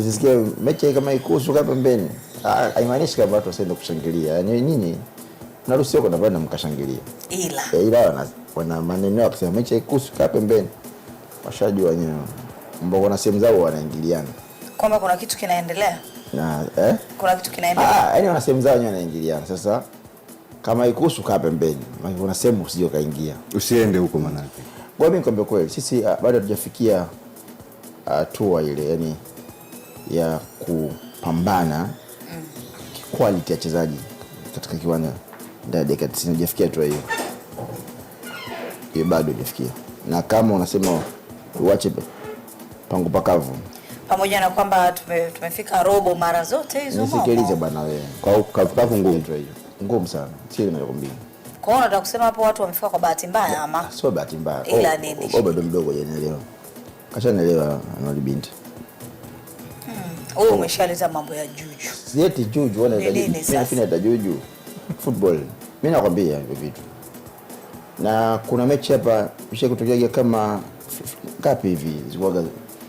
Sisikia mechi kama ikusu kaa pembeni, haimaanishi kwamba watu wasiende kushangilia. Yaani nyinyi mnaruhusiwa kwenda pale na mkashangilia, ila eh, ila wana, wana maneno akisema mechi haikuhusu kaa pembeni, washajua wenyewe ambao na sehemu zao wanaingiliana kwamba kuna kitu kinaendelea na eh, kuna kitu kinaendelea ah, yaani wana sehemu zao wenyewe wanaingiliana. Sasa kama ikuhusu kaa pembeni, kuna sehemu usije kaingia, usiende huko manake. Kwa mimi nikwambia kweli, sisi ah, bado hatujafikia ah, hatua ile yani ya kupambana quality ya wachezaji katika kiwanja ndani ya dakika 90 hujafikia tu hiyo hiyo, bado jafikia Na kama unasema uache pango pakavu, pamoja na kwamba tume, tumefika robo mara zote hizo, nisikilize bwana wewe, kwa kavu kavu ngumu tu hiyo, ngumu sana, sio nakwambia. Kwa hiyo nataka kusema hapo watu wamefika kwa bahati mbaya, ama sio bahati mbaya, ila oh, nini, oh, bado mdogo, hajanielewa, kashanielewa anali binti Oh, umeshaleta mambo ya juju. Sieti juju wala nileta juju football. Mimi nakwambia hivyo vitu. Na kuna mechi hapa ishakutokea kama ngapi hivi zikuaga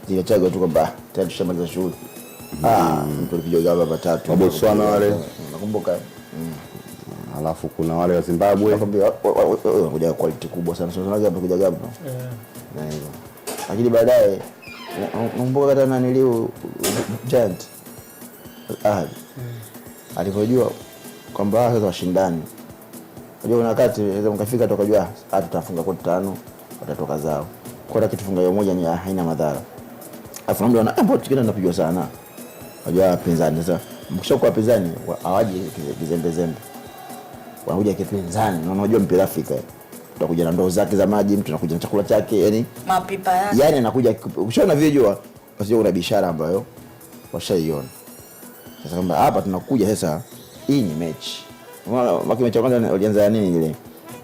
zinachaga tu kwamba tayari tushamaliza shughuli. Mhm. Ah, mtu gaba patatu. Botswana wale. Nakumbuka. Mm. Alafu kuna wale wa Zimbabwe. Nakwambia wanakuja quality kubwa sana. Sana gaba kuja gaba. Eh. Na hivyo. Lakini baadaye nakumbuka hata naniliu Giant Ahad hmm. alivyojua kwamba sasa washindani, unajua kuna wakati mkafika tukajua ah, tutafunga koti tano, watatoka zao kwa kitufunga hiyo moja ni ah, haina madhara, afu mtu ana tukina ah, napigwa sana, unajua wapinzani sasa. Mkishakuwa wapinzani awaji kizembe zembe, wanakuja kipinzani na mpira Afrika anakuja na ndoo zake za maji, mtu anakuja na chakula chake, yani mapipa yake, yani anakuja. Ukishaona vile jua, usije una biashara ambayo washaiona. Sasa kama hapa tunakuja sasa, hii ni mechi. Unaona mechi kwanza kwanza ya nini ile?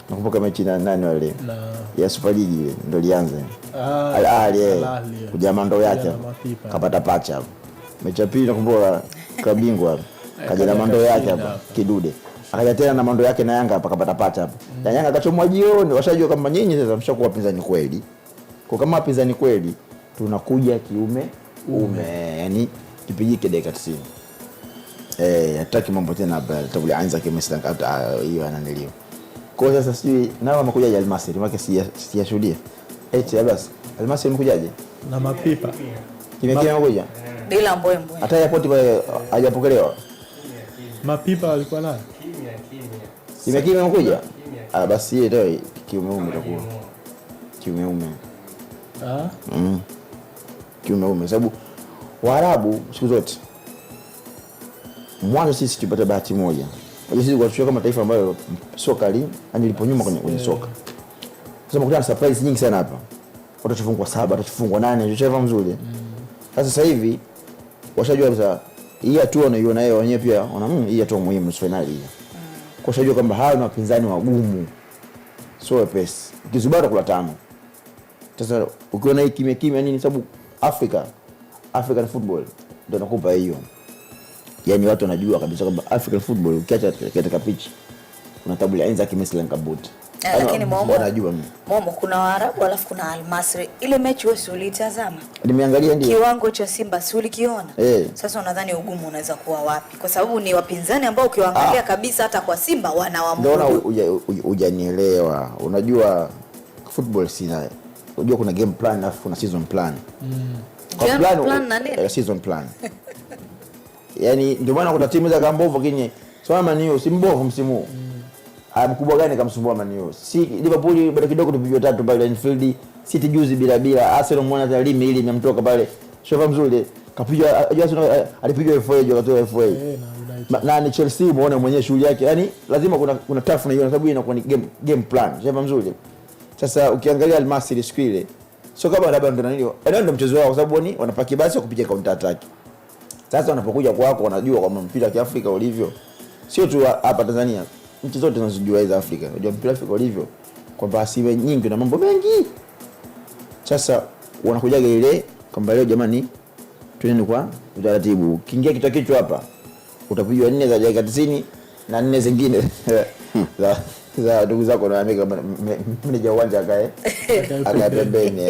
Nakumbuka mechi na nani wale? Na ya Super League ile ndio ilianza. Ah, ah ile eh. kuja mando yake. Kapata pacha hapo. Mechi ya pili nakumbuka kabingwa. Kaja na mando yake hapa kidude akaja tena na mando yake na Yanga hapa kapata pata hapa mm. na Yanga akachomwa jioni, washajua kama nyinyi sasa mshakuwa wapinzani kweli. Kwa kama wapinzani kweli, tunakuja kiume ume, yani kipigike dakika 90 eh, hataki mambo tena hapa, tabuli anza kama sitaka hata ah, hiyo ananiliwa kwa sasa, sijui nao amekujaje Almasri, maana sijashuhudia eti eh, basi Almasri amekujaje na mapipa kimekea amekuja bila mbwembwe, hata yapoti hajapokelewa mapipa walikuwa nani? Kimya kimya umekuja? Ah, basi kiume ume kiumeume Kiume ume. Ah? Mm. ume sababu Waarabu siku zote mwanzo sisi tupata bahati moja. Unajua sisi kwa kama taifa ambayo soka li ani lipo nyuma kwenye kwenye eh. soka. Sasa mkutana surprise nyingi sana hapa. Watachofungwa saba, watachofungwa nane, chochote mzuri. Mm. Sasa sasa hivi washajua sasa hii hatua wanaiona yeye wenyewe pia wana mm, hii hatua muhimu nusu finali hii kwa sababu kwamba hawa ni wapinzani wagumu, sio wepesi. Ukizubaa utakula tano. Sasa ukiona hii kimya kimya nini, sababu Africa African football ndio nakupa hiyo, yaani watu wanajua kabisa kwamba African football ukiacha katika pichi kuna tabula ainza kimislan kabuti Yeah, lakini Momo, anajua mimi. Momo kuna Waarabu alafu kuna Almasri. Ile mechi wewe si ulitazama? Nimeangalia ndio. Kiwango cha Simba si ulikiona? Hey. Eh. Sasa unadhani ugumu unaweza kuwa wapi? Kwa sababu ni wapinzani ambao ukiwaangalia ah, kabisa hata kwa Simba wanawamudu. Ndio hujanielewa. Unajua football si nayo. Unajua kuna game plan alafu kuna season plan. Mm. Kwa game plan, plan na nini? Uh, Season plan. Yaani ndio maana kuna timu za Kambovu lakini hiyo Simba usimbovu msimu huu. Mm. Ah, mkubwa gani kamsumbua manio Si Liverpool bado kidogo tupigwe tatu pale Anfield, City juzi bila bila, Arsenal mwana talimi ili imemtoka pale. Shofa mzuri. kapiga Arsenal eh, alipigwa FA juu akatoa FA. Eh, na ni Chelsea muone mwenye shughuli yake. yani lazima kuna kuna tafu na hiyo sababu inakuwa ni game game plan. Shofa mzuri. Sasa ukiangalia almasri siku ile sio kama labda ndo nani, eh, ndio ndo mchezo wao kwa sababu ni wanapaki basi wa kupiga counter attack. Sasa wanapokuja kwako wanajua kwamba mpira wa Kiafrika ulivyo. Sio tu hapa Tanzania nchi zote zinazojua za Afrika, unajua mpira Afrika ulivyo kwamba asiwe nyingi na mambo mengi. Sasa wanakujaga ile kwamba leo jamani, tuneni kwa utaratibu, kiingia kichwa kichwa hapa utapigwa nne za dakika 90 na nne zingine za ndugu zako, na meneja uwanja akae akae pembeni,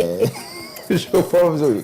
sio mzuri.